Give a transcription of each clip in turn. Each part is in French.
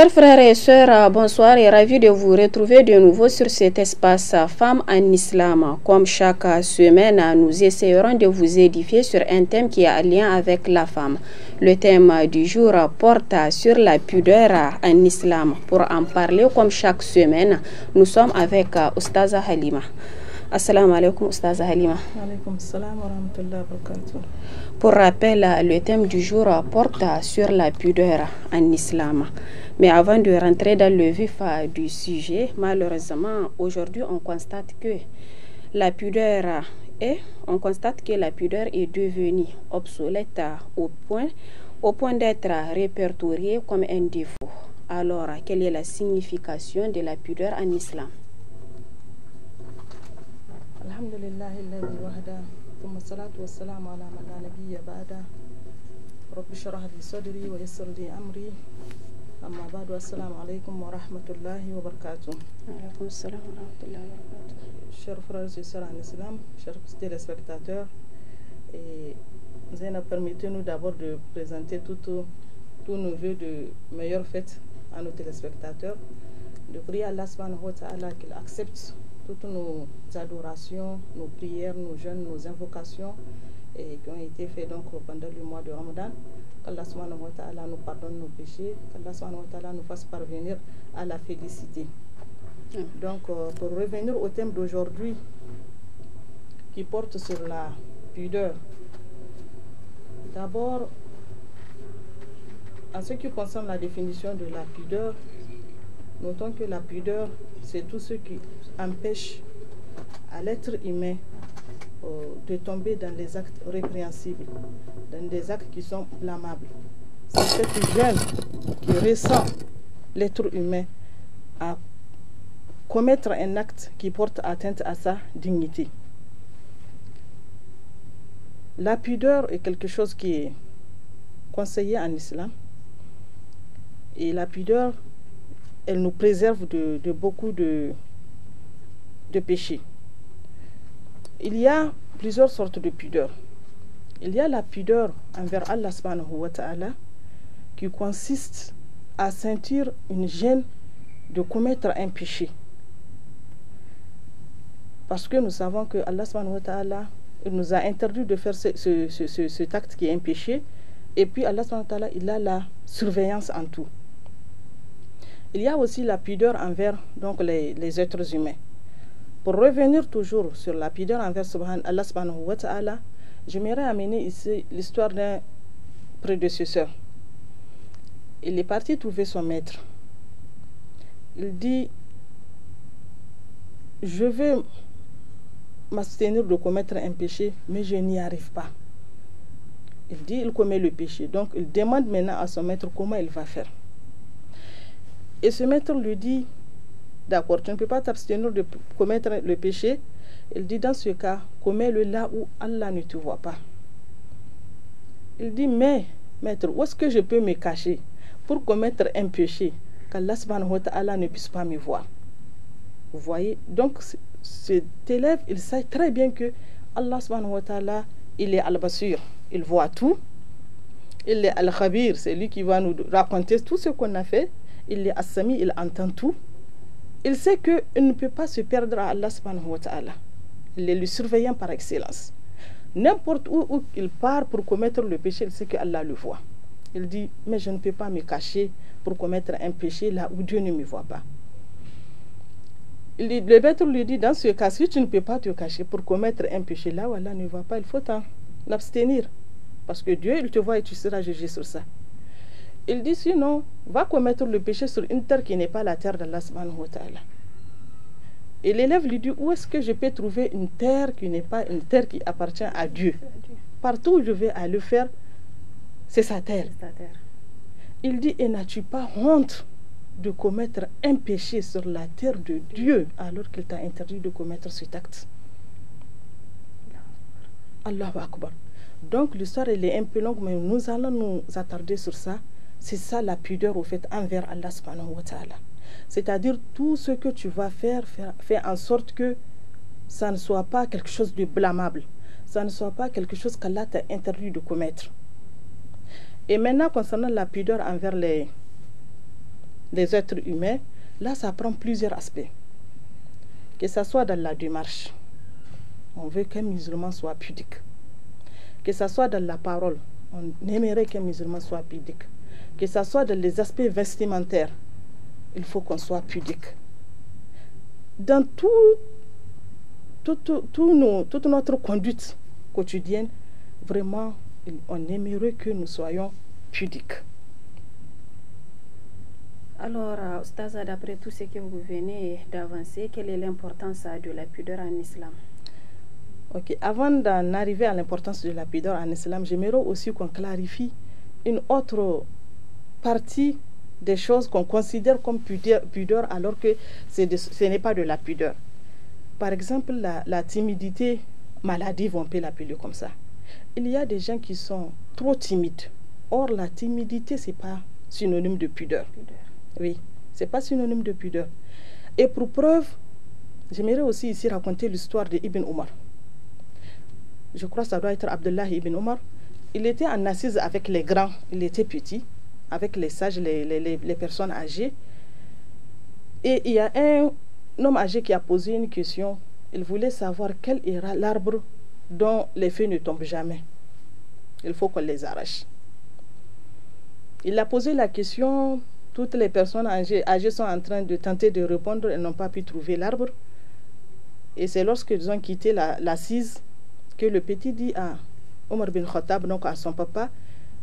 Chers frères et sœurs, euh, bonsoir et ravi de vous retrouver de nouveau sur cet espace euh, Femmes en Islam. Comme chaque euh, semaine, nous essayerons de vous édifier sur un thème qui a lien avec la femme. Le thème du jour porte sur la pudeur en Islam. Pour en parler, comme chaque semaine, nous sommes avec Oustaza Halima. Assalamu alaikum Alaikum Pour rappel, le thème du jour porte sur la pudeur en islam. Mais avant de rentrer dans le vif euh, du sujet, malheureusement, aujourd'hui, on constate que la pudeur est, on constate que la pudeur est devenue obsolète euh, au point, au point d'être répertoriée comme un défaut. Alors, quelle est la signification de la pudeur en islam الحمد لله الذي وحده ثم الصلاة والسلام على من لا نبي بعده رب اشرح لي صدري ويسر لي امري اما بعد والسلام عليكم ورحمه الله وبركاته وعليكم السلام ورحمه الله وبركاته شرف رئيس الوزراء الاسلام شرف ستيل سبكتاتور زينب permettez-nous d'abord de présenter tous nos vœux de meilleures fêtes à nos téléspectateurs, de prier à Allah subhanahu wa qu'il accepte toutes nos adorations, nos prières, nos jeûnes, nos invocations et qui ont été faites donc pendant le mois de Ramadan. Que Qu'Allah nous pardonne nos péchés, que qu'Allah nous fasse parvenir à la félicité. Donc, euh, pour revenir au thème d'aujourd'hui, qui porte sur la pudeur. D'abord, en ce qui concerne la définition de la pudeur, notons que la pudeur, c'est tout ce qui empêche à l'être humain euh, de tomber dans les actes répréhensibles, dans des actes qui sont blâmables. C'est cette gêne qui ressent l'être humain à commettre un acte qui porte atteinte à sa dignité. La pudeur est quelque chose qui est conseillé en islam. Et la pudeur, elle nous préserve de beaucoup de, de péché. Il y a plusieurs sortes de pudeur. Il y a la pudeur envers Allah subhanahu wa ta'ala qui consiste à sentir une gêne de commettre un péché. Parce que nous savons que Allah subhanahu nous a interdit de faire ce, ce, cet acte qui est un péché. Et puis Allah il a la surveillance en tout. Il y a aussi la pudeur envers donc, les êtres humains. Pour revenir toujours sur la pudeur envers Allah subhanahu wa ta'ala, amener ici l'histoire d'un prédécesseur. Il est parti trouver son maître. Il dit, je vais m'abstenir de commettre un péché, mais je n'y arrive pas. Il dit, il commet le péché. Donc, il demande maintenant à son maître comment il va faire. Et ce maître lui dit, D'accord, tu ne peux pas t'abstenir de commettre le péché. Il dit dans ce cas, commets-le là où Allah ne te voit pas. Il dit, mais, maître, où est-ce que je peux me cacher pour commettre un péché qu'Allah ne puisse pas me voir Vous voyez, donc cet élève, il sait très bien que Allah il est al-basir, il voit tout. Il est al-khabir, c'est lui qui va nous raconter tout ce qu'on a fait. Il est as il entend tout il sait qu'il ne peut pas se perdre à Allah subhanahu wa ta'ala. Il est le surveillant par excellence. N'importe où, où il part pour commettre le péché, il sait que Allah le voit. Il dit, mais je ne peux pas me cacher pour commettre un péché là où Dieu ne me voit pas. Le maître lui dit, dans ce cas, si tu ne peux pas te cacher pour commettre un péché là où Allah ne voit pas, il faut t'en abstenir. Parce que Dieu, il te voit et tu seras jugé sur ça. Il dit sinon, va commettre le péché sur une terre qui n'est pas la terre de subhanahu Et l'élève lui dit, où est-ce que je peux trouver une terre qui n'est pas une terre qui appartient à Dieu Partout où je vais aller faire, c'est sa terre. Il dit, et n'as-tu pas honte de commettre un péché sur la terre de Dieu alors qu'il t'a interdit de commettre cet acte Allahu Akbar. Donc l'histoire, elle est un peu longue, mais nous allons nous attarder sur ça. C'est ça la pudeur au fait envers Allah C'est-à-dire tout ce que tu vas faire, fais en sorte que ça ne soit pas quelque chose de blâmable. Ça ne soit pas quelque chose qu'Allah t'a interdit de commettre. Et maintenant, concernant la pudeur envers les, les êtres humains, là, ça prend plusieurs aspects. Que ça soit dans la démarche. On veut qu'un musulman soit pudique. Que ça soit dans la parole. On aimerait qu'un musulman soit pudique que ce soit dans les aspects vestimentaires, il faut qu'on soit pudique. Dans tout, tout, tout, toute notre conduite quotidienne, vraiment, on aimerait que nous soyons pudiques. Alors, euh, Staza, d'après tout ce que vous venez d'avancer, quelle est l'importance euh, de la pudeur en islam Ok, avant d'en arriver à l'importance de la pudeur en islam, j'aimerais aussi qu'on clarifie une autre partie des choses qu'on considère comme pudeur, alors que ce n'est pas de la pudeur. Par exemple, la, timidité maladie, on peut pudeur, comme ça. Il y a des gens qui sont trop timides. Or, la timidité, ce n'est pas synonyme de pudeur. Oui, ce n'est pas synonyme de pudeur. Et pour preuve, j'aimerais aussi ici raconter l'histoire d'Ibn Omar. Je crois que ça doit être Abdullah Ibn Omar. Il était en assise avec les grands, il était petit avec les sages, les, les, personnes âgées. Et il y a un homme âgé qui a posé une question. Il voulait savoir quel est l'arbre dont les feuilles ne tombent jamais. Il faut qu'on les arrache. Il a posé la question, toutes les personnes âgées, âgées sont en train de tenter de répondre Elles n'ont pas pu trouver l'arbre. Et c'est lorsqu'ils ont quitté l'assise que le petit dit à Omar bin Khattab, donc à son papa,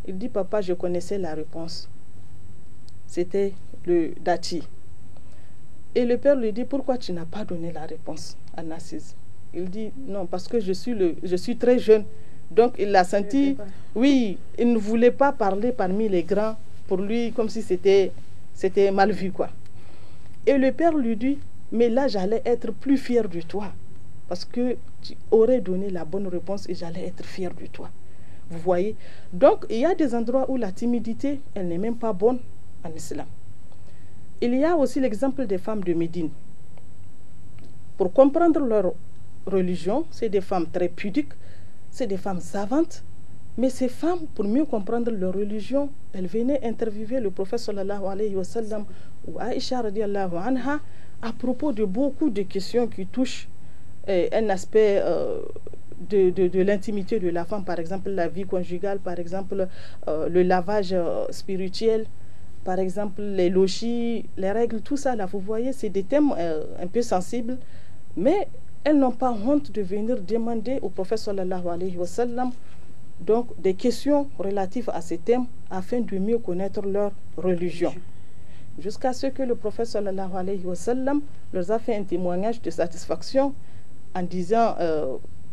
il dit, papa, je connaissais la réponse. C'était le Dachi. Et le père lui dit, pourquoi tu n'as pas donné la réponse à Il dit, non, parce que je suis, le, je suis très jeune. Donc il l'a senti, oui, il ne voulait pas parler parmi les grands, pour lui, comme si c'était mal vu, quoi. Et le père lui dit, mais là, j'allais être plus fier de toi, parce que tu aurais donné la bonne réponse et j'allais être fier de toi. Vous voyez Donc, il y a des endroits où la timidité, elle n'est même pas bonne en islam. Il y a aussi l'exemple des femmes de Médine. Pour comprendre leur religion, c'est des femmes très pudiques, c'est des femmes savantes, mais ces femmes, pour mieux comprendre leur religion, elles venaient interviewer le prophète sallallahu alayhi wa sallam ou Aisha radiallahu anha à propos de beaucoup de questions qui touchent eh, un aspect euh, de, l'intimité de la femme, par exemple la vie conjugale, par exemple euh, le lavage euh, spirituel, par exemple les logis, les règles, tout ça, là, vous voyez, c'est des thèmes euh, un peu sensibles, mais elles n'ont pas honte de venir demander au prophète sallallahu alayhi wa sallam donc des questions relatives à ces thèmes afin de mieux connaître leur religion. Jusqu'à ce que le prophète sallallahu alayhi wa sallam leur a fait un témoignage de satisfaction en disant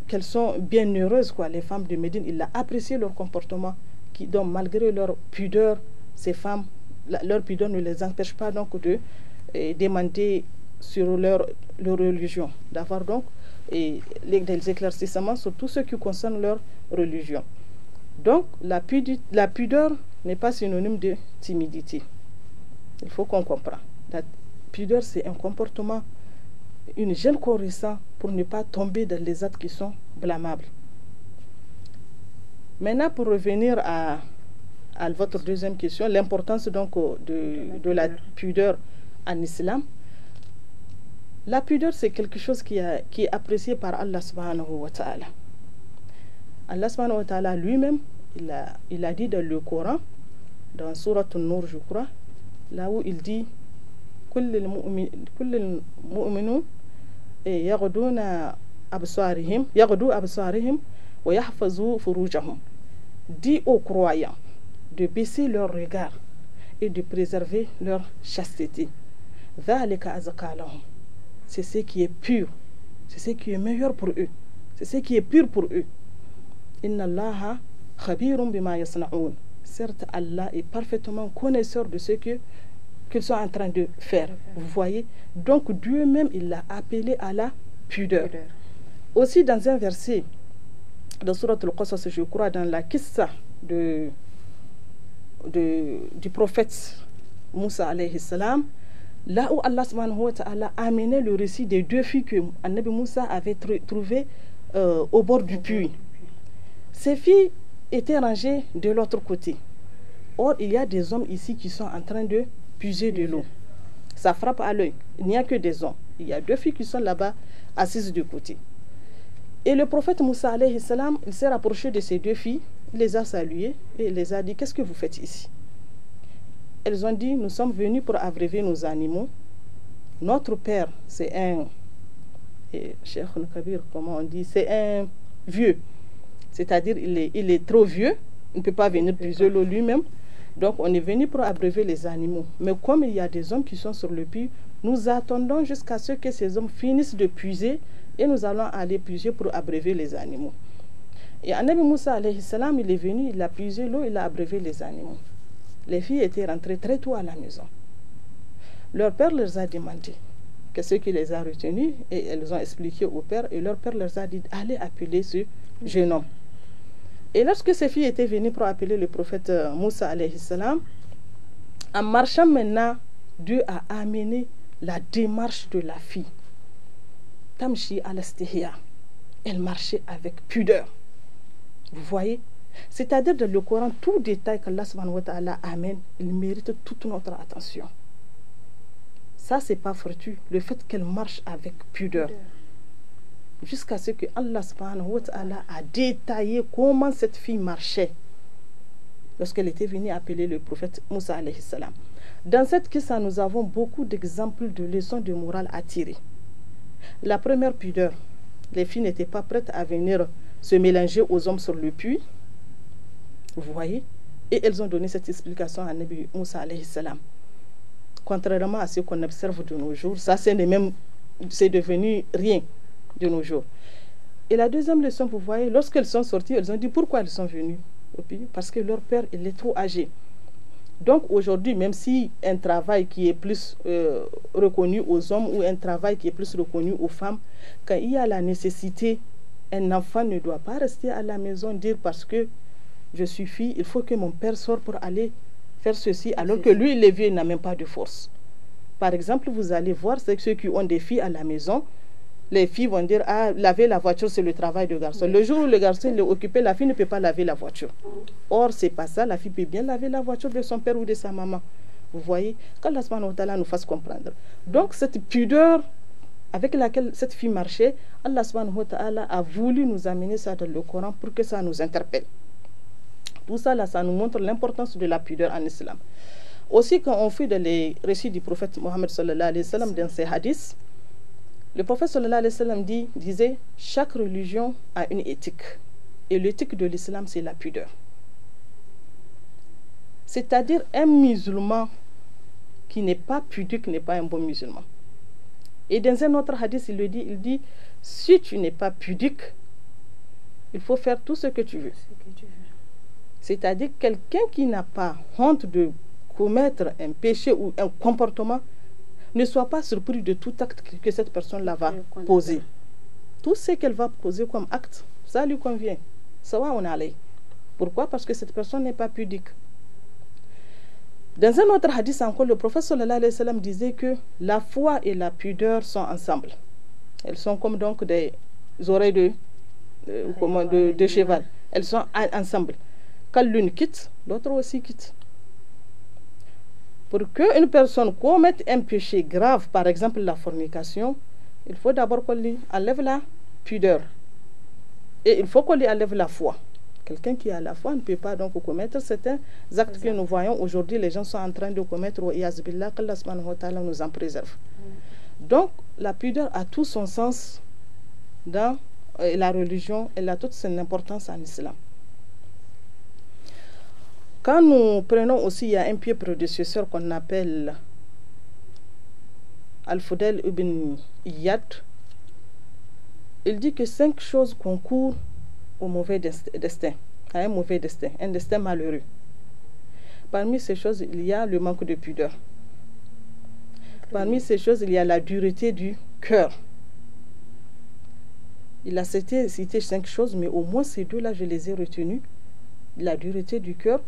qu'elles sont heureuses quoi. Les femmes de Médine, il a apprécié leur comportement, qui, donc malgré leur pudeur, ces femmes, leur pudeur ne les empêche pas donc de eh, demander sur leur, leur religion, d'avoir donc et, eh, des éclaircissements sur tout ce qui concerne leur religion. Donc, la, pudeur, la pudeur n'est pas synonyme de timidité. Il faut qu'on comprenne. La pudeur, c'est un comportement une jeune corrissant pour ne pas tomber dans les actes qui sont blâmables. Maintenant, pour revenir à, à votre deuxième question, l'importance donc euh, de, de, la pudeur en islam. La pudeur, c'est quelque chose qui, qui, est apprécié par Allah subhanahu wa ta'ala. Allah subhanahu wa ta'ala lui-même, il a, il a dit dans le Coran, dans Surat An-Nur, je crois, là où il dit كل المؤمن كل المؤمنون يغدون أبصارهم يغدو أبصارهم ويحفظوا فروجهم دي أو croyants de baisser leur regard et de préserver leur chasteté c'est ce qui est pur c'est ce qui est meilleur pour eux c'est ce qui est pur pour eux إن الله خبير بما يصنعون certes Allah est parfaitement connaisseur de ce que qu'ils sont en train de faire. Vous voyez Donc Dieu même, il l'a appelé à la pudeur. Aussi dans un verset, dans Surat al-Qasas, je crois, dans la kissa de, du prophète Moussa alayhi salam, là où Allah subhanahu wa amené le récit des deux filles que Nabi Moussa avait trouvées euh, au bord du puits. Ces filles étaient rangées de l'autre côté. Or, il y a des hommes ici qui sont en train de puiser de l'eau. Ça frappe à l'œil. Il n'y a que des hommes. Il y a deux filles qui sont là-bas, assises de côté. Et le prophète Moussa, salam, il s'est rapproché de ces deux filles, il les a saluées et il les a dit, qu'est-ce que vous faites ici Elles ont dit, nous sommes venus pour abréver nos animaux. Notre père, c'est un... Et Cheikh comment on dit C'est un vieux. C'est-à-dire, il est, il est trop vieux. Il ne peut pas venir puiser l'eau lui-même. Donc on est venu pour abreuver les animaux. Mais comme il y a des hommes qui sont sur le puits, nous attendons jusqu'à ce que ces hommes finissent de puiser et nous allons aller puiser pour abreuver les animaux. Et Anem Moussa, salam, il est venu, il a puisé l'eau, il a abreuvé les animaux. Les filles étaient rentrées très tôt à la maison. Leur père leur a demandé qu'est-ce qui les a retenues et elles ont expliqué au père et leur père leur a dit allez appeler ce jeune homme. Et lorsque ces filles étaient venues pour appeler le prophète euh, Moussa, salam, en marchant maintenant, Dieu a amené la démarche de la fille. Tamchi al Elle marchait avec pudeur. Vous voyez C'est-à-dire dans le Coran, tout détail que subhanahu wa amène, il mérite toute notre attention. Ça, c'est pas fortuit. Le fait qu'elle marche avec pudeur jusqu'à ce que Allah subhanahu wa a détaillé comment cette fille marchait lorsqu'elle était venue appeler le prophète Moussa alayhi Dans cette question nous avons beaucoup d'exemples de leçons de morale à tirer. La première pudeur, les filles n'étaient pas prêtes à venir se mélanger aux hommes sur le puits. Vous voyez Et elles ont donné cette explication à Nabi Moussa Contrairement à ce qu'on observe de nos jours, ça c'est devenu rien de nos jours. Et la deuxième leçon, vous voyez, lorsqu'elles sont sorties, elles ont dit pourquoi elles sont venues au pays. Parce que leur père, il est trop âgé. Donc aujourd'hui, même si un travail qui est plus euh, reconnu aux hommes ou un travail qui est plus reconnu aux femmes, quand il y a la nécessité, un enfant ne doit pas rester à la maison dire parce que je suis fille, il faut que mon père sorte pour aller faire ceci, alors que lui, il est vieux, il n'a même pas de force. Par exemple, vous allez voir ceux qui ont des filles à la maison, les filles vont dire ah laver la voiture c'est le travail de garçon. Le jour où le garçon est occupé, la fille ne peut pas laver la voiture. Or c'est pas ça, la fille peut bien laver la voiture de son père ou de sa maman. Vous voyez, qu'Allah nous fasse comprendre. Donc cette pudeur avec laquelle cette fille marchait, Allah subhanahu a voulu nous amener ça dans le Coran pour que ça nous interpelle. Tout ça là, ça nous montre l'importance de la pudeur en islam. Aussi quand on fait les récits du prophète Mohammed sallallahu alayhi wa sallam dans ses hadiths, le prophète alayhi dit, disait Chaque religion a une éthique. Et l'éthique de l'islam, c'est la pudeur. C'est-à-dire, un musulman qui n'est pas pudique n'est pas un bon musulman. Et dans un autre hadith, il le dit il dit, si tu n'es pas pudique, il faut faire tout ce que tu veux. C'est-à-dire quelqu'un qui n'a pas honte de commettre un péché ou un comportement, ne soit pas surpris de tout acte que cette personne-là va poser. Tout ce qu'elle va poser comme acte, ça lui convient. Ça va, en aller. Pourquoi Parce que cette personne n'est pas pudique. Dans un autre hadith encore, le prophète alayhi wa disait que la foi et la pudeur sont ensemble. Elles sont comme donc des oreilles de, euh, de cheval. Elles sont ensemble. Quand l'une quitte, l'autre aussi quitte. Pour qu'une personne commette un péché grave, par exemple la fornication, il faut d'abord qu'on lui enlève la pudeur. Et il faut qu'on lui enlève la foi. Quelqu'un qui a la foi ne peut pas donc commettre certains actes que nous voyons aujourd'hui. Les gens sont en train de commettre au Yazbillah, qu'Allah nous en préserve. Mm. Donc, la pudeur a tout son sens dans euh, la religion, elle a toute son importance en islam. Quand nous prenons aussi, il y a un pieu prédécesseur qu'on appelle Al-Fudel ibn Yad, Il dit que cinq choses concourent au mauvais destin, à un mauvais destin, un destin malheureux. Parmi ces choses, il y a le manque de pudeur. Parmi ces choses, il y a la dureté du cœur. Il a cité, cité cinq choses, mais au moins ces deux-là, je les ai retenues. La dureté du cœur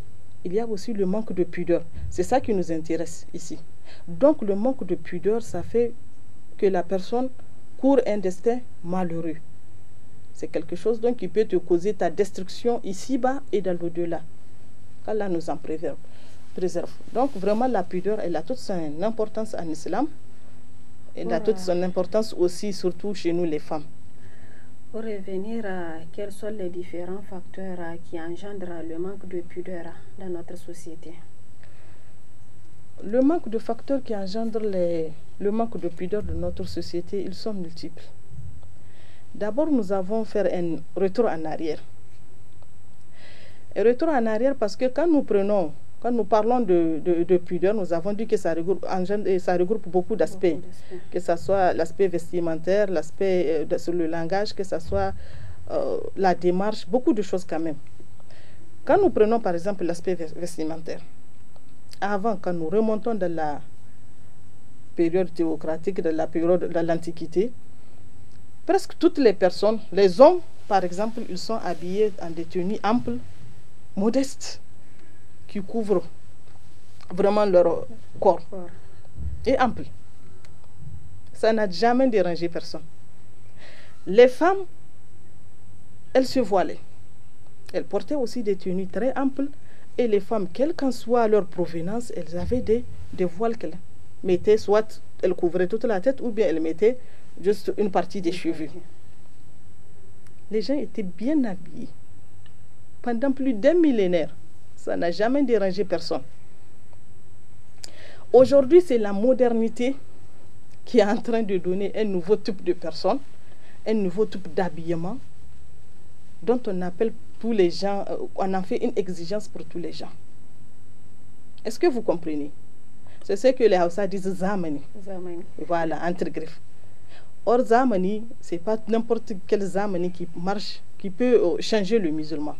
il y a aussi le manque de pudeur. C'est ça qui nous intéresse ici. Donc le manque de pudeur, ça fait que la personne court un destin malheureux. C'est quelque chose donc qui peut te causer ta destruction ici-bas et dans l'au-delà. Allah nous en préserve. préserve. Donc vraiment la pudeur, elle a toute son importance en islam. Elle a toute son importance aussi, surtout chez nous les femmes. Pour revenir à quels sont les différents facteurs euh, qui engendrent le manque de pudeur euh, dans notre société Le manque de facteurs qui engendrent les, le manque de pudeur de notre société, ils sont multiples. D'abord, nous avons fait un retour en arrière. Un retour en arrière parce que quand nous prenons nous parlons de, pudeur, nous avons dit que ça regroupe, beaucoup d'aspects, que ce soit l'aspect vestimentaire, l'aspect euh, sur le langage, que ce soit euh, la démarche, beaucoup de choses quand même. Quand nous prenons par exemple l'aspect vestimentaire, avant, quand nous remontons dans la période théocratique, de la période de l'Antiquité, presque toutes les personnes, les hommes par exemple, ils sont habillés en des tenues amples, modestes couvrent vraiment leur corps Et ample. Ça n'a jamais dérangé personne. Les femmes, elles se voilaient. Elles portaient aussi des tenues très amples. Et les femmes, quelle qu'en soit leur provenance, elles avaient des voiles qu'elles mettaient. Soit elles couvraient toute la tête ou bien elles mettaient juste une partie des cheveux. Les gens étaient bien habillés pendant plus d'un millénaire. Ça n'a jamais dérangé personne. Aujourd'hui, c'est la modernité qui est en train de donner un nouveau type de personne, un nouveau type d'habillement, dont on appelle tous les gens, euh, on en fait une exigence pour tous les gens. Est-ce que vous comprenez C'est ce que les Hausa disent Zamani. Zamani. Voilà, entre griffes. Or, Zamani, ce n'est pas n'importe quel Zamani qui marche, qui peut euh, changer le musulman.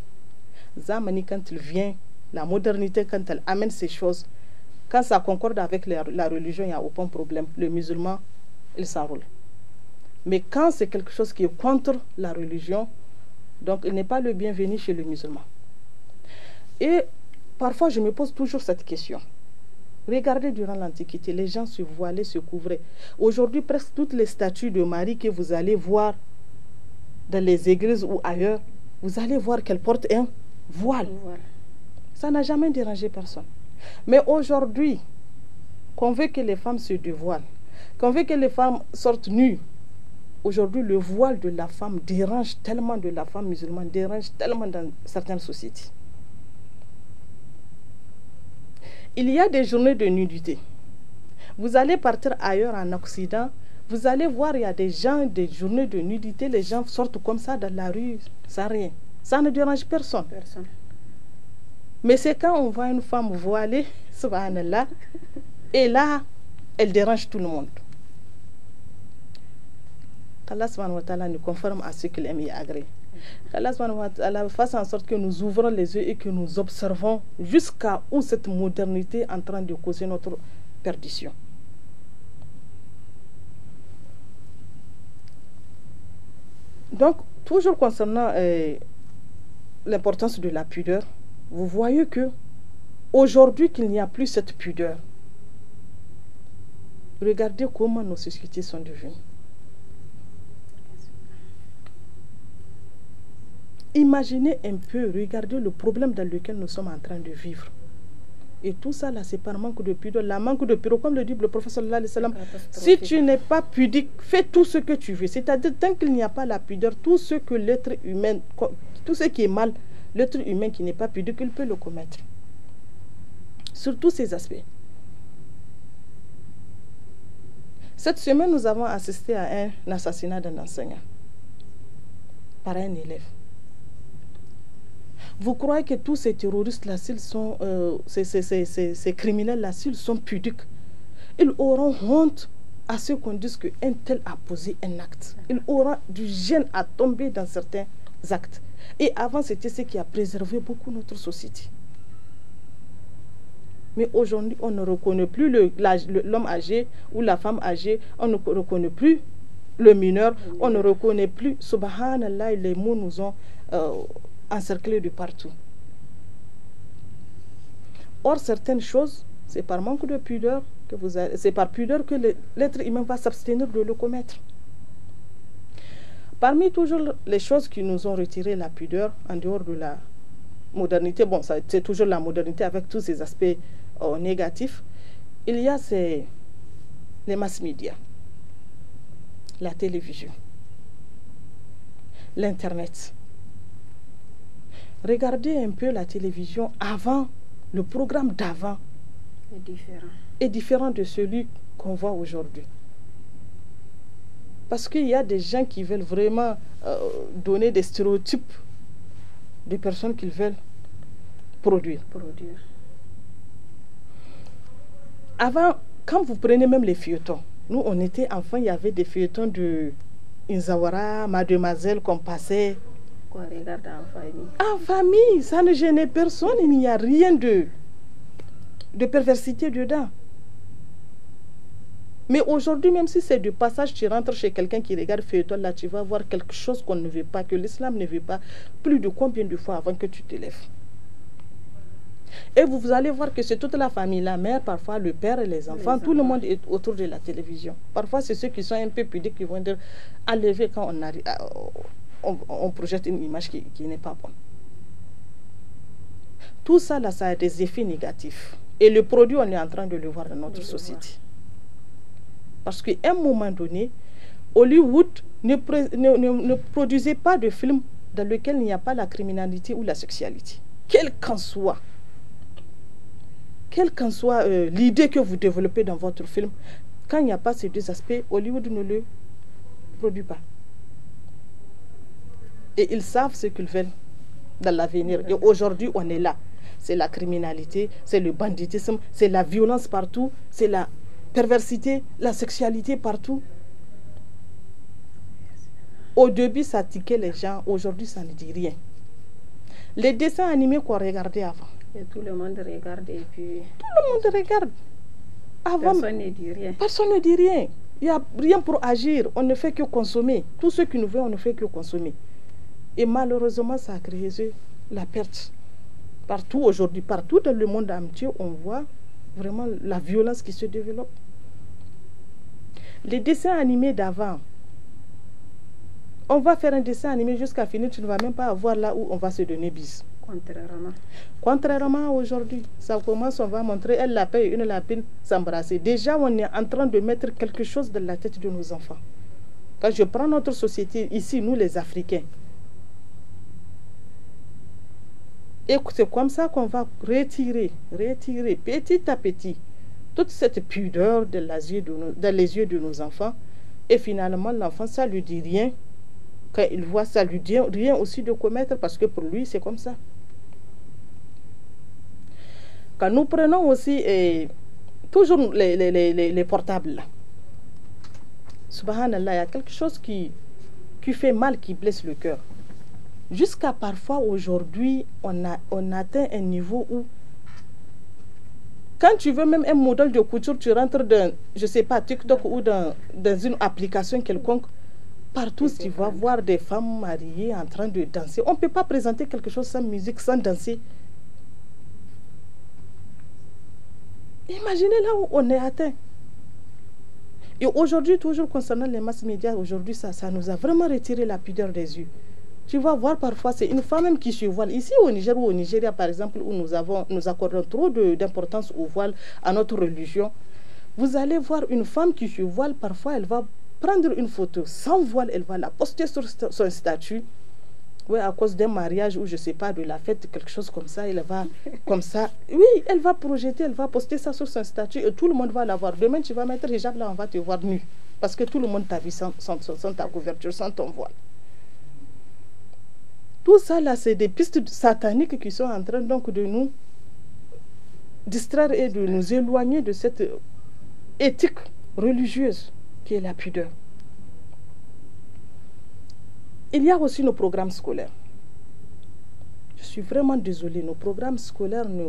Zamani, quand il vient la modernité, quand elle amène ces choses, quand ça concorde avec la, religion, il n'y a aucun problème. Le musulman, il s'enroule. Mais quand c'est quelque chose qui est contre la religion, donc il n'est pas le bienvenu chez le musulman. Et parfois, je me pose toujours cette question. Regardez durant l'Antiquité, les gens se voilaient, se couvraient. Aujourd'hui, presque toutes les statues de Marie que vous allez voir dans les églises ou ailleurs, vous allez voir qu'elles portent un voile. Ça n'a jamais dérangé personne. Mais aujourd'hui, qu'on veut que les femmes se dévoilent, qu'on veut que les femmes sortent nues, aujourd'hui, le voile de la femme dérange tellement de la femme musulmane, dérange tellement dans certaines sociétés. Il y a des journées de nudité. Vous allez partir ailleurs en Occident, vous allez voir, il y a des gens, des journées de nudité, les gens sortent comme ça dans la rue, ça rien. Ça ne dérange personne. Personne. Mais c'est quand on voit une femme voilée, subhanallah, et là, elle dérange tout le monde. Allah nous conforme à ce qu'il aime et agrée. fasse en sorte que nous ouvrons les yeux et que nous observons jusqu'à où cette modernité est en train de causer notre perdition. Donc, toujours concernant euh, l'importance de la pudeur, vous voyez que aujourd'hui qu'il n'y a plus cette pudeur. Regardez comment nos sociétés sont devenues. Imaginez un peu, regardez le problème dans lequel nous sommes en train de vivre. Et tout ça, là, c'est par manque de pudeur. La manque de pudeur, comme le dit le professeur, si tu n'es pas pudique, fais tout ce que tu veux. C'est-à-dire, tant qu'il n'y a pas la pudeur, tout ce que l'être humain, tout ce qui est mal, l'être humain qui n'est pas il peut le commettre. Sur tous ces aspects. Cette semaine, nous avons assisté à un assassinat d'un enseignant par un élève. Vous croyez que tous ces terroristes-là, sont, euh, ces, ces criminels-là, s'ils sont pudiques, ils auront honte à ce qu'on dise qu'un tel a posé un acte. Ils auront du gêne à tomber dans certains et avant, c'était ce qui a préservé beaucoup notre société. Mais aujourd'hui, on ne reconnaît plus l'homme âgé ou la femme âgée, on ne reconnaît plus le mineur, on ne reconnaît plus. Subhanallah, les mots nous ont euh, encerclés de partout. Or, certaines choses, c'est par manque de pudeur que vous c'est par pudeur que l'être humain va s'abstenir de le commettre. Parmi toujours les choses qui nous ont retiré la pudeur en dehors de la modernité, bon, c'est toujours la modernité avec tous ses aspects euh, négatifs, il y a les mass médias, la télévision, l'Internet. Regardez un peu la télévision avant, le programme d'avant est différent de celui qu'on voit aujourd'hui. Parce qu'il y a des gens qui veulent vraiment euh, donner des stéréotypes des personnes qu'ils veulent produire. produire. Avant, quand vous prenez même les feuilletons, nous on était enfants, il y avait des feuilletons de Inzawara, Mademoiselle qu'on passait. Qu'on regarde en famille. En famille, ça ne gênait personne, il n'y a rien de, de perversité dedans. Mais aujourd'hui, même si c'est du passage, tu rentres chez quelqu'un qui regarde feuilleton, là, tu vas voir quelque chose qu'on ne veut pas, que l'islam ne veut pas, plus de combien de fois avant que tu te lèves. Et vous, vous allez voir que c'est toute la famille, la mère, parfois le père et les enfants, tout le monde est autour de la télévision. Parfois, c'est ceux qui sont un peu pudiques qui vont dire enlever quand on, arrive, euh, on, projette une image qui n'est pas bonne. Tout ça, là, ça a des effets négatifs. Et le produit, on est en train de le voir dans notre société. Parce qu'à un moment donné, Hollywood ne, ne, produisait pas de films dans lequel il n'y a pas la criminalité ou la sexualité. Quelle qu'en soit, qu'en soit euh, l'idée que vous développez dans votre film, quand il n'y a pas ces deux aspects, Hollywood ne le produit pas. Et ils savent ce qu'ils veulent dans l'avenir. Et aujourd'hui, on est là. C'est la criminalité, c'est le banditisme, c'est la violence partout, c'est la perversité, la sexualité partout. Au début, ça tiquait les gens. Aujourd'hui, ça ne dit rien. Les dessins animés qu'on regardait avant. tout le monde regarde et Tout le monde regarde. Avant, personne ne dit rien. Personne ne dit rien. Il n'y a rien pour agir. On ne fait que consommer. Tout ce qui nous veulent, on ne fait que consommer. Et malheureusement, ça a créé la perte. Partout aujourd'hui, partout dans le monde entier, on voit vraiment la violence qui se développe. Les dessins animés d'avant, on va faire un dessin animé jusqu'à finir, tu ne vas même pas avoir là où on va se donner bis. Contrairement. Contrairement aujourd'hui, ça commence, on va montrer elle la et une lapine s'embrasser. Déjà, on est en train de mettre quelque chose dans la tête de nos enfants. Quand je prends notre société, ici, nous les Africains, et c'est comme ça qu'on va retirer, retirer petit à petit toute cette pudeur dans les yeux de nos enfants. Et finalement, l'enfant, ça lui dit rien. Quand il voit ça, lui dit rien aussi de commettre parce que pour lui, c'est comme ça. Quand nous prenons aussi toujours les, portables, subhanallah, il y a quelque chose qui, qui fait mal, qui blesse le cœur. Jusqu'à parfois aujourd'hui, on, on atteint un niveau où quand tu veux même un modèle de couture, tu rentres dans, je sais pas, TikTok ou dans, dans une application quelconque. Partout, tu vas voir des femmes mariées en train de danser. On ne peut pas présenter quelque chose sans musique, sans danser. Imaginez là où on est atteint. Et aujourd'hui, toujours concernant les masses médias, aujourd'hui, ça, ça nous a vraiment retiré la pudeur des yeux. Tu vas voir parfois, c'est une femme même qui se voile. Ici au Niger ou au Nigeria, par exemple, où nous, avons, nous accordons trop d'importance au voile, à notre religion, vous allez voir une femme qui se voile, parfois elle va prendre une photo sans voile, elle va la poster sur son statut. Oui, à cause d'un mariage ou je sais pas, de la fête, quelque chose comme ça, elle va comme ça. Oui, elle va projeter, elle va poster ça sur son statut et tout le monde va la voir. Demain, tu vas mettre jambes là, on va te voir nu. Parce que tout le monde t'a vu sans ta couverture, sans ton voile. Tout ça, là, c'est des pistes sataniques qui sont en train donc de nous distraire et de nous éloigner de cette éthique religieuse qui est la pudeur. Il y a aussi nos programmes scolaires. Je suis vraiment désolée, nos programmes scolaires ne,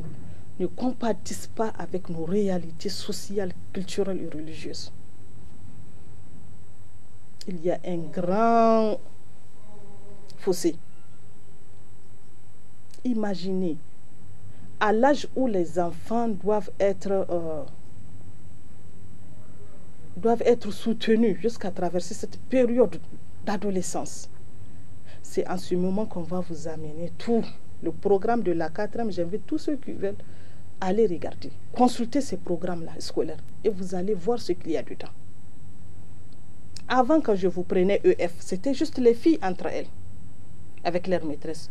ne compatissent pas avec nos réalités sociales, culturelles et religieuses. Il y a un grand fossé Imaginez, à l'âge où les enfants doivent être, euh, doivent être soutenus jusqu'à traverser cette période d'adolescence, c'est en ce moment qu'on va vous amener tout le programme de la 4e. J'invite tous ceux qui veulent aller regarder, consulter ces programmes-là scolaires et vous allez voir ce qu'il y a dedans. Avant, quand je vous prenais EF, c'était juste les filles entre elles avec leur maîtresse.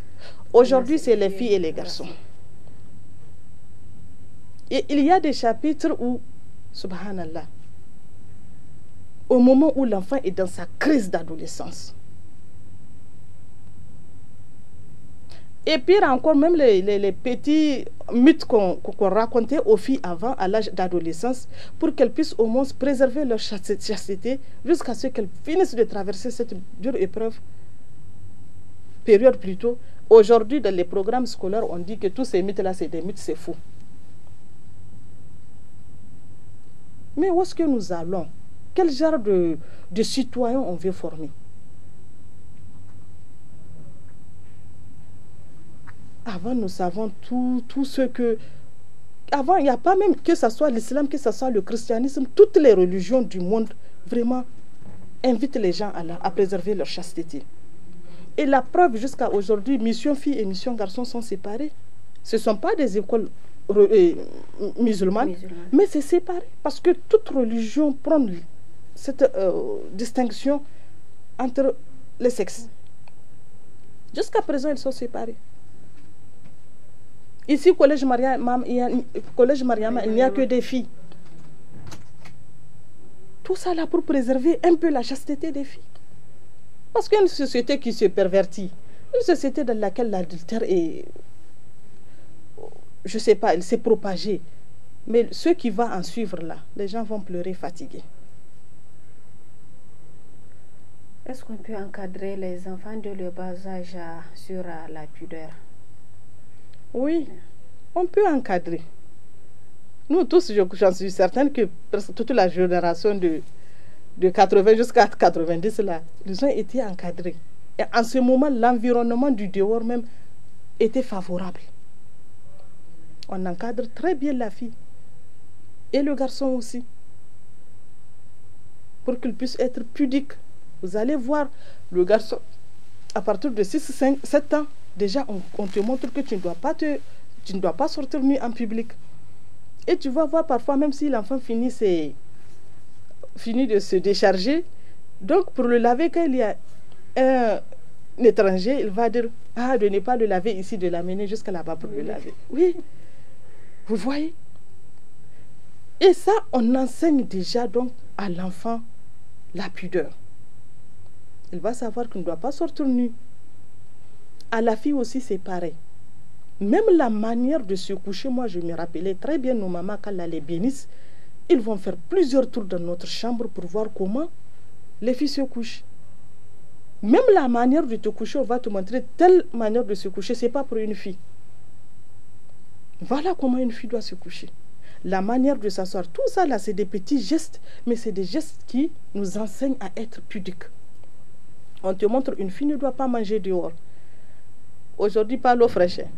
Aujourd'hui, c'est les filles et les garçons. Et il y a des chapitres où, subhanallah, au moment où l'enfant est dans sa crise d'adolescence, Et pire encore, même les, petits mythes qu'on racontait aux filles avant, à l'âge d'adolescence, pour qu'elles puissent au moins préserver leur chasteté jusqu'à ce qu'elles finissent de traverser cette dure épreuve période plutôt, aujourd'hui dans les programmes scolaires, on dit que tous ces mythes-là, c'est des mythes, c'est faux. Mais où est-ce que nous allons Quel genre de, citoyens on veut former Avant, nous savons tout, ce que... Avant, il n'y a pas même que ce soit l'islam, que ce soit le christianisme, toutes les religions du monde, vraiment, invitent les gens à, à préserver leur chasteté. Et la preuve jusqu'à aujourd'hui, mission filles et mission garçons sont séparées. Ce ne sont pas des écoles euh, musulmanes, mais c'est séparé. Parce que toute religion prend cette euh, distinction entre les sexes. Jusqu'à présent, elles sont séparées. Ici, au collège Mariama, collège il n'y a que des filles. Tout ça là pour préserver un peu la chasteté des filles. Parce une société qui se pervertit, une société dans laquelle l'adultère est, je ne sais pas, elle s'est propagée. Mais ceux qui vont en suivre là, les gens vont pleurer fatigués. Est-ce qu'on peut encadrer les enfants de leur bas âge sur la pudeur Oui, on peut encadrer. Nous tous, j'en suis certaine que toute la génération de, de 80 jusqu'à 90 là, les ont étaient encadrés. Et en ce moment, l'environnement du dehors même était favorable. On encadre très bien la fille et le garçon aussi pour qu'il puisse être pudique. Vous allez voir le garçon à partir de 6, 5, 7 ans. Déjà, on, on te montre que tu ne dois pas te, tu ne dois pas sortir nu en public. Et tu vas voir parfois, même si l'enfant finit ses, fini de se décharger. Donc, pour le laver, quand il y a un, étranger, il va dire Ah, de ne pas le laver ici, de l'amener jusqu'à là-bas pour le laver. Oui. Vous voyez Et ça, on enseigne déjà donc à l'enfant la pudeur. Il va savoir qu'il ne doit pas sortir nu. À la fille aussi, c'est pareil. Même la manière de se coucher, moi, je me rappelais très bien nos mamans quand elles les bénissent. Ils vont faire plusieurs tours dans notre chambre pour voir comment les filles se couchent. Même la manière de te coucher, on va te montrer telle manière de se coucher. Ce n'est pas pour une fille. Voilà comment une fille doit se coucher. La manière de s'asseoir, tout ça là, c'est des petits gestes, mais c'est des gestes qui nous enseignent à être pudiques. On te montre une fille ne doit pas manger dehors. Aujourd'hui, pas l'eau fraîche. Hein.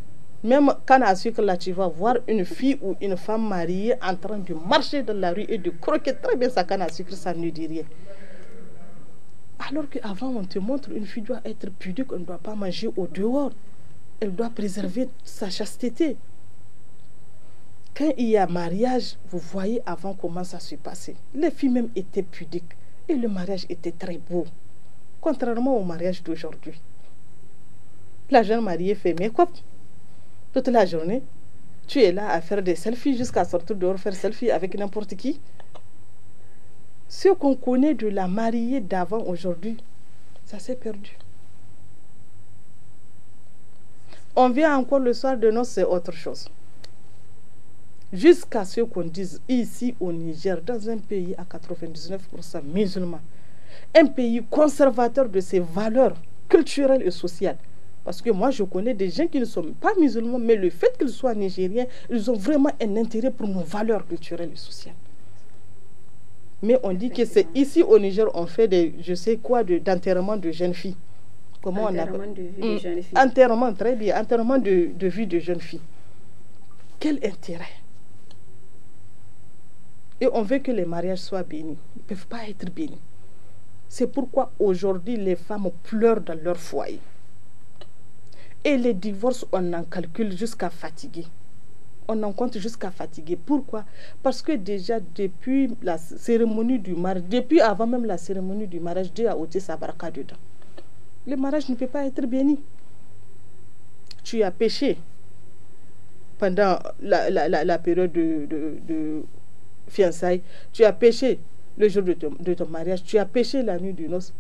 Même canne à sucre là tu vas voir une fille ou une femme mariée en train de marcher dans la rue et de croquer très bien sa canne à sucre, ça ne dit rien. Alors qu'avant, on te montre une fille doit être pudique, elle ne doit pas manger au dehors. Elle doit préserver sa chasteté. Quand il y a mariage, vous voyez avant comment ça se passait. Les filles même étaient pudiques et le mariage était très beau. Contrairement au mariage d'aujourd'hui. La jeune mariée fait mais quoi? toute la journée, tu es là à faire des selfies jusqu'à sortir dehors, faire selfie avec n'importe qui. Ce qu'on connaît de la mariée d'avant aujourd'hui, ça s'est perdu. On vient encore le soir de noces, c'est autre chose. Jusqu'à ce qu'on dise ici au Niger, dans un pays à 99% musulman, un pays conservateur de ses valeurs culturelles et sociales, parce que moi, je connais des gens qui ne sont pas musulmans, mais le fait qu'ils soient nigériens, ils ont vraiment un intérêt pour nos valeurs culturelles et sociales. Mais on dit que c'est ici au Niger, on fait des, je sais quoi, d'enterrement de, jeunes filles. Comment on appelle de de mm. jeunes filles. Enterrement, très bien. Enterrement de, de vie de jeunes filles. Quel intérêt Et on veut que les mariages soient bénis. Ils ne peuvent pas être bénis. C'est pourquoi aujourd'hui, les femmes pleurent dans leur foyer. Et les divorces, on en calcule jusqu'à fatiguer. On en compte jusqu'à fatiguer. Pourquoi Parce que déjà depuis la cérémonie du mariage, depuis avant même la cérémonie du mariage, Dieu a ôté sa baraka dedans. Le mariage ne peut pas être béni. Tu as péché pendant la, la, la, période de, de, fiançailles. Tu as péché le jour de ton, de ton mariage. Tu as péché la nuit du noce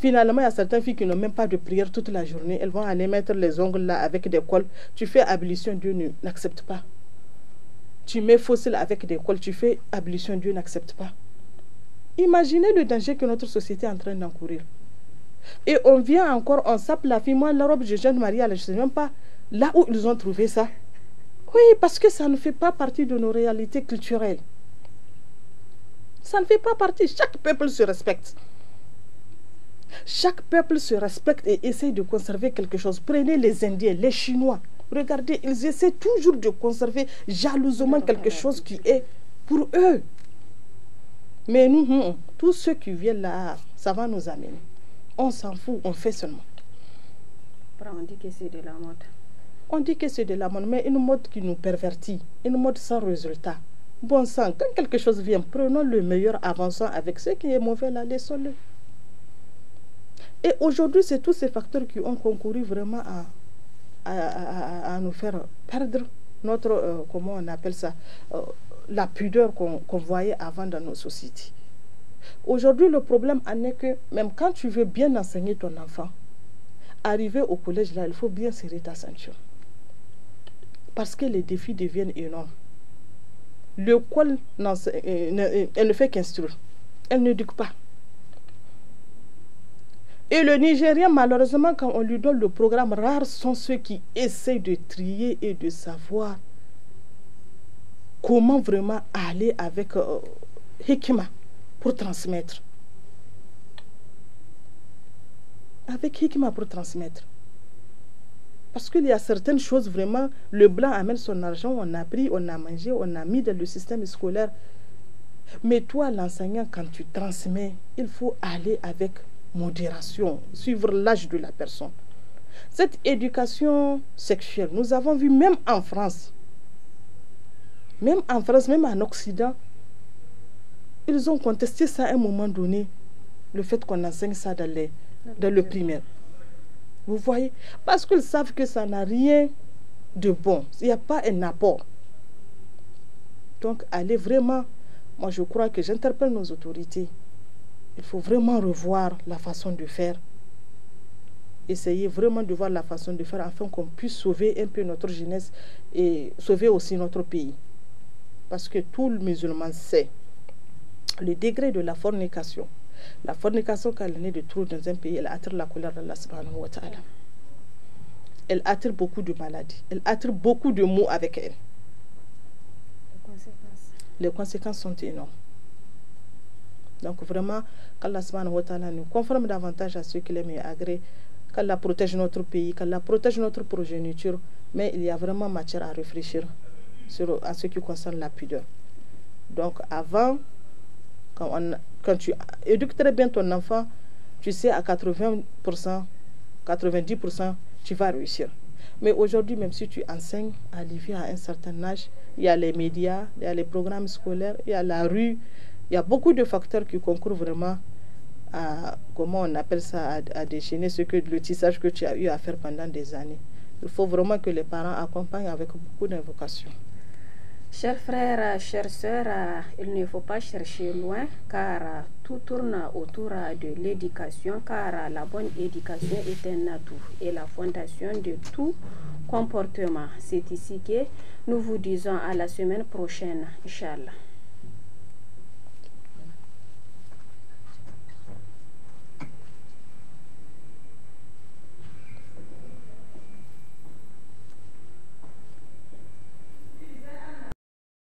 Finalement, il y a certaines filles qui n'ont même pas de prière toute la journée. Elles vont aller mettre les ongles là avec des cols. Tu fais abolition, Dieu n'accepte pas. Tu mets fossiles avec des cols, tu fais abolition, Dieu n'accepte pas. Imaginez le danger que notre société est en train d'encourir. Et on vient encore, on sape la fille. Moi, la robe de jeune mariée, je ne sais même pas là où ils ont trouvé ça. Oui, parce que ça ne fait pas partie de nos réalités culturelles. Ça ne fait pas partie. Chaque peuple se respecte. Chaque peuple se respecte et essaye de conserver quelque chose. Prenez les Indiens, les Chinois. Regardez, ils essaient toujours de conserver jalousement quelque chose qui est pour eux. Mais nous, hmm, tous ceux qui viennent là, ça va nous amener. On s'en fout, on fait seulement. On dit que c'est de la mode. On dit que c'est de la mode, mais une mode qui nous pervertit, une mode sans résultat. Bon sang, quand quelque chose vient, prenons le meilleur, avançons avec ce qui est mauvais, là, laissons-le. Et aujourd'hui, c'est tous ces facteurs qui ont concouru vraiment à, à, nous faire perdre notre, euh, comment on appelle ça, euh, la pudeur qu'on voyait avant dans nos sociétés. Aujourd'hui, le problème en est que même quand tu veux bien enseigner ton enfant, arriver au collège, là, il faut bien serrer ta ceinture. Parce que les défis deviennent énormes. L'école, euh, elle ne fait qu'instruire. Elle n'éduque pas. Et le Nigérien, malheureusement, quand on lui donne le programme, rares sont ceux qui essayent de trier et de savoir comment vraiment aller avec Hikima euh, pour transmettre. Avec Hikima pour transmettre. Parce qu'il y a certaines choses vraiment, le blanc amène son argent, on a pris, on a mangé, on a mis dans le système scolaire. Mais toi, l'enseignant, quand tu transmets, il faut aller avec modération, suivre l'âge de la personne. Cette éducation sexuelle, nous avons vu même en France, même en France, même en Occident, ils ont contesté ça à un moment donné, le fait qu'on enseigne ça dans, dans le primaire. Vous voyez Parce qu'ils savent que ça n'a rien de bon. Il n'y a pas un apport. Donc, allez vraiment, moi je crois que j'interpelle nos autorités il faut vraiment revoir la façon de faire. Essayer vraiment de voir la façon de faire afin qu'on puisse sauver un peu notre jeunesse et sauver aussi notre pays. Parce que tout le musulman sait le degré de la fornication. La fornication, quand elle est de trou dans un pays, elle attire la colère de subhanahu wa ta'ala. Elle attire beaucoup de maladies. Elle attire beaucoup de maux avec elle. Les conséquences sont énormes. Donc vraiment, qu'Allah subhanahu wa ta'ala nous conforme davantage à ceux qui aime et agrée, qu'Allah protège notre pays, qu'Allah protège notre progéniture, mais il y a vraiment matière à réfléchir sur, à ce qui concerne la pudeur. Donc avant, quand, on, quand tu éduques très bien ton enfant, tu sais à 80%, 90%, tu vas réussir. Mais aujourd'hui, même si tu enseignes à Livy à un certain âge, il y a les médias, il y a les programmes scolaires, il y a la rue, il y a beaucoup de facteurs qui concourent vraiment à, comment on appelle ça, à, déchaîner ce que, le tissage que tu as eu à faire pendant des années. Il faut vraiment que les parents accompagnent avec beaucoup d'invocation. Chers frères, chères sœurs, il ne faut pas chercher loin car tout tourne autour de l'éducation car la bonne éducation est un atout et la fondation de tout comportement. C'est ici que nous vous disons à la semaine prochaine, Charles.